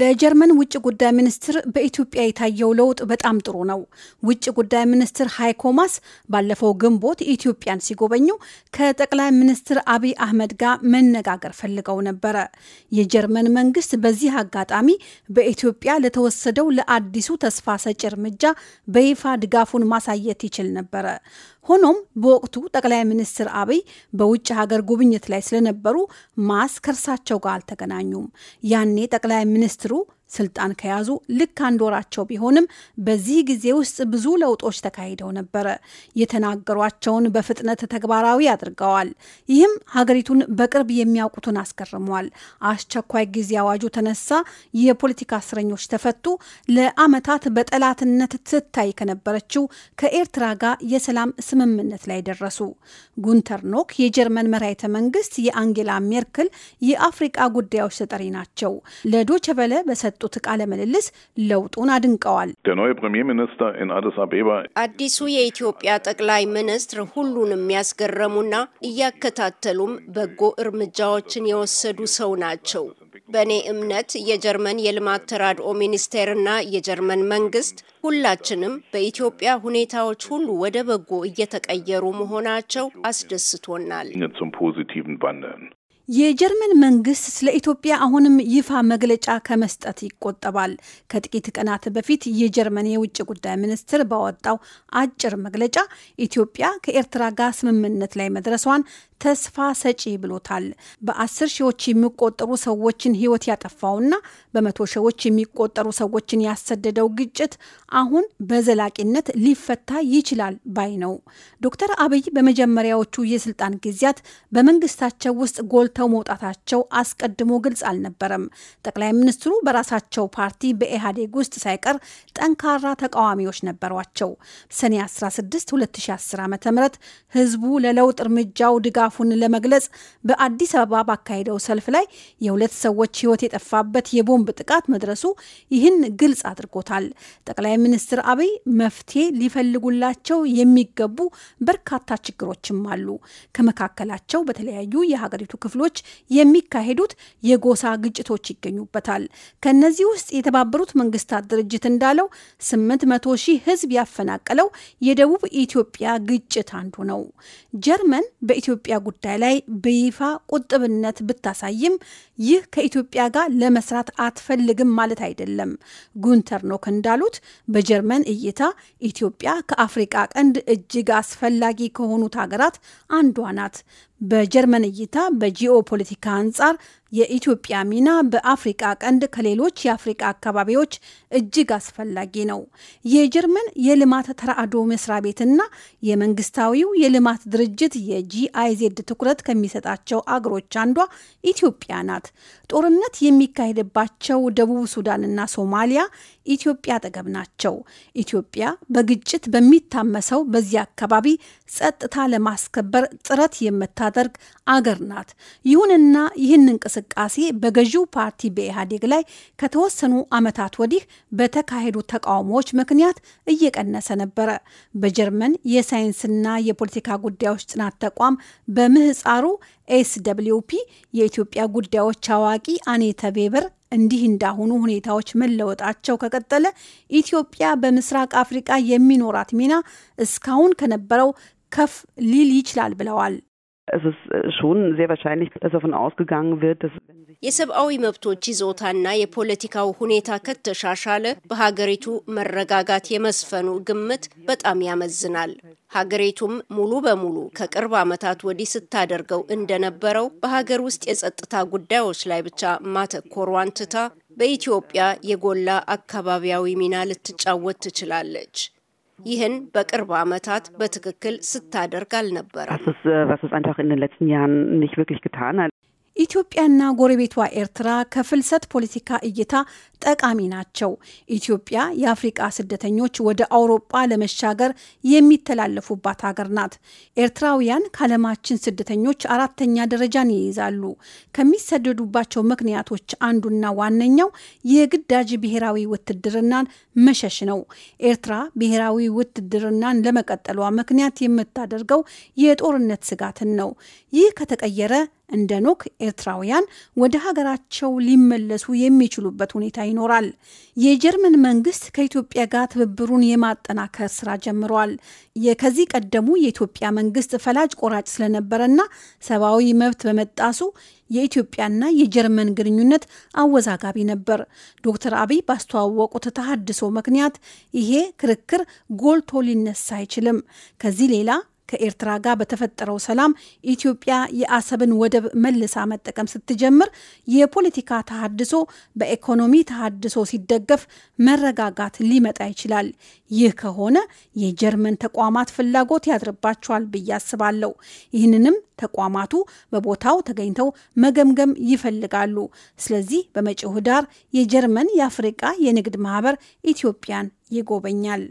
ለጀርመን ውጭ ጉዳይ ሚኒስትር በኢትዮጵያ የታየው ለውጥ በጣም ጥሩ ነው። ውጭ ጉዳይ ሚኒስትር ሃይኮ ማስ ባለፈው ግንቦት ኢትዮጵያን ሲጎበኙ ከጠቅላይ ሚኒስትር አብይ አህመድ ጋር መነጋገር ፈልገው ነበረ። የጀርመን መንግስት በዚህ አጋጣሚ በኢትዮጵያ ለተወሰደው ለአዲሱ ተስፋ ሰጪ እርምጃ በይፋ ድጋፉን ማሳየት ይችል ነበረ። ሆኖም በወቅቱ ጠቅላይ ሚኒስትር አብይ በውጭ ሀገር ጉብኝት ላይ ስለነበሩ ማስ ከእርሳቸው ጋር አልተገናኙም። ያኔ ጠቅላይ ሚኒስትር through ስልጣን ከያዙ ልክ አንድ ወራቸው ቢሆንም በዚህ ጊዜ ውስጥ ብዙ ለውጦች ተካሂደው ነበረ። የተናገሯቸውን በፍጥነት ተግባራዊ አድርገዋል። ይህም ሀገሪቱን በቅርብ የሚያውቁትን አስገርሟል። አስቸኳይ ጊዜ አዋጁ ተነሳ፣ የፖለቲካ እስረኞች ተፈቱ፣ ለአመታት በጠላትነት ትታይ ከነበረችው ከኤርትራ ጋር የሰላም ስምምነት ላይ ደረሱ። ጉንተር ኖክ የጀርመን መራሄተ መንግስት የአንጌላ ሜርክል የአፍሪቃ ጉዳዮች ተጠሪ ናቸው። ለዶቸበለ በሰጡ በሰጡት ቃለ ምልልስ ለውጡን አድንቀዋል። አዲሱ የኢትዮጵያ ጠቅላይ ሚኒስትር ሁሉንም የሚያስገረሙና እያከታተሉም በጎ እርምጃዎችን የወሰዱ ሰው ናቸው። በእኔ እምነት የጀርመን የልማት ተራድኦ ሚኒስቴርና የጀርመን መንግስት ሁላችንም በኢትዮጵያ ሁኔታዎች ሁሉ ወደ በጎ እየተቀየሩ መሆናቸው አስደስቶናል። የጀርመን መንግስት ስለ ኢትዮጵያ አሁንም ይፋ መግለጫ ከመስጠት ይቆጠባል። ከጥቂት ቀናት በፊት የጀርመን የውጭ ጉዳይ ሚኒስትር ባወጣው አጭር መግለጫ ኢትዮጵያ ከኤርትራ ጋር ስምምነት ላይ መድረሷን ተስፋ ሰጪ ብሎታል። በአስር ሺዎች የሚቆጠሩ ሰዎችን ህይወት ያጠፋውና በመቶ ሺዎች የሚቆጠሩ ሰዎችን ያሰደደው ግጭት አሁን በዘላቂነት ሊፈታ ይችላል ባይ ነው። ዶክተር አብይ በመጀመሪያዎቹ የስልጣን ጊዜያት በመንግስታቸው ውስጥ ጎልተው መውጣታቸው አስቀድሞ ግልጽ አልነበረም። ጠቅላይ ሚኒስትሩ በራሳቸው ፓርቲ በኢህአዴግ ውስጥ ሳይቀር ጠንካራ ተቃዋሚዎች ነበሯቸው። ሰኔ 16 2010 ዓ ም ህዝቡ ለለውጥ እርምጃው ድጋፍ መጽሐፉን ለመግለጽ በአዲስ አበባ ባካሄደው ሰልፍ ላይ የሁለት ሰዎች ሕይወት የጠፋበት የቦምብ ጥቃት መድረሱ ይህን ግልጽ አድርጎታል። ጠቅላይ ሚኒስትር አብይ መፍትሄ ሊፈልጉላቸው የሚገቡ በርካታ ችግሮችም አሉ። ከመካከላቸው በተለያዩ የሀገሪቱ ክፍሎች የሚካሄዱት የጎሳ ግጭቶች ይገኙበታል። ከእነዚህ ውስጥ የተባበሩት መንግስታት ድርጅት እንዳለው 800 ሺህ ህዝብ ያፈናቀለው የደቡብ ኢትዮጵያ ግጭት አንዱ ነው። ጀርመን በኢትዮጵያ በኢትዮጵያ ጉዳይ ላይ በይፋ ቁጥብነት ብታሳይም ይህ ከኢትዮጵያ ጋር ለመስራት አትፈልግም ማለት አይደለም። ጉንተር ኖክ እንዳሉት በጀርመን እይታ ኢትዮጵያ ከአፍሪቃ ቀንድ እጅግ አስፈላጊ ከሆኑት ሀገራት አንዷ ናት። በጀርመን እይታ በጂኦ ፖለቲካ አንጻር የኢትዮጵያ ሚና በአፍሪቃ ቀንድ ከሌሎች የአፍሪቃ አካባቢዎች እጅግ አስፈላጊ ነው። የጀርመን የልማት ተራድኦ መስሪያ ቤትና የመንግስታዊው የልማት ድርጅት የጂአይዜድ ትኩረት ከሚሰጣቸው አገሮች አንዷ ኢትዮጵያ ናት። ጦርነት የሚካሄድባቸው ደቡብ ሱዳንና ሶማሊያ ኢትዮጵያ አጠገብ ናቸው። ኢትዮጵያ በግጭት በሚታመሰው በዚህ አካባቢ ጸጥታ ለማስከበር ጥረት የምታ የምታደርግ አገር ናት። ይሁንና ይህን እንቅስቃሴ በገዢው ፓርቲ በኢህአዴግ ላይ ከተወሰኑ ዓመታት ወዲህ በተካሄዱ ተቃውሞዎች ምክንያት እየቀነሰ ነበረ። በጀርመን የሳይንስና የፖለቲካ ጉዳዮች ጥናት ተቋም በምህፃሩ ኤስ የኢትዮጵያ ጉዳዮች አዋቂ አኔተ ቬበር እንዲህ እንዳሁኑ ሁኔታዎች መለወጣቸው ከቀጠለ ኢትዮጵያ በምስራቅ አፍሪቃ የሚኖራት ሚና እስካሁን ከነበረው ከፍ ሊል ይችላል ብለዋል። es ist äh, schon sehr wahrscheinlich, dass davon ausgegangen wird, dass የሰብአዊ መብቶች ይዞታና የፖለቲካው ሁኔታ ከተሻሻለ በሀገሪቱ መረጋጋት የመስፈኑ ግምት በጣም ያመዝናል። ሀገሪቱም ሙሉ በሙሉ ከቅርብ ዓመታት ወዲህ ስታደርገው እንደነበረው በሀገር ውስጥ የጸጥታ ጉዳዮች ላይ ብቻ ማተኮሯን ትታ በኢትዮጵያ የጎላ አካባቢያዊ ሚና ልትጫወት ትችላለች። ይህን በቅርብ ዓመታት በትክክል ስታደርግ አልነበረም። ኢትዮጵያና ጎረቤቷ ኤርትራ ከፍልሰት ፖለቲካ እይታ ጠቃሚ ናቸው። ኢትዮጵያ የአፍሪቃ ስደተኞች ወደ አውሮጳ ለመሻገር የሚተላለፉባት ሀገር ናት። ኤርትራውያን ከዓለማችን ስደተኞች አራተኛ ደረጃን ይይዛሉ። ከሚሰደዱባቸው ምክንያቶች አንዱና ዋነኛው የግዳጅ ብሔራዊ ውትድርናን መሸሽ ነው። ኤርትራ ብሔራዊ ውትድርናን ለመቀጠሏ ምክንያት የምታደርገው የጦርነት ስጋትን ነው። ይህ ከተቀየረ እንደ ኖክ ኤርትራውያን ወደ ሀገራቸው ሊመለሱ የሚችሉበት ሁኔታ ይኖራል። የጀርመን መንግስት ከኢትዮጵያ ጋር ትብብሩን የማጠናከር ስራ ጀምረዋል። የከዚህ ቀደሙ የኢትዮጵያ መንግስት ፈላጅ ቆራጭ ስለነበረና ሰብአዊ መብት በመጣሱ የኢትዮጵያና የጀርመን ግንኙነት አወዛጋቢ ነበር። ዶክተር አብይ ባስተዋወቁት ተሃድሶ ምክንያት ይሄ ክርክር ጎልቶ ሊነሳ አይችልም። ከዚህ ሌላ ከኤርትራ ጋር በተፈጠረው ሰላም ኢትዮጵያ የአሰብን ወደብ መልሳ መጠቀም ስትጀምር የፖለቲካ ተሃድሶ በኢኮኖሚ ተሃድሶ ሲደገፍ መረጋጋት ሊመጣ ይችላል። ይህ ከሆነ የጀርመን ተቋማት ፍላጎት ያድርባቸዋል ብዬ አስባለሁ። ይህንንም ተቋማቱ በቦታው ተገኝተው መገምገም ይፈልጋሉ። ስለዚህ በመጪው ህዳር የጀርመን የአፍሪቃ የንግድ ማህበር ኢትዮጵያን ይጎበኛል።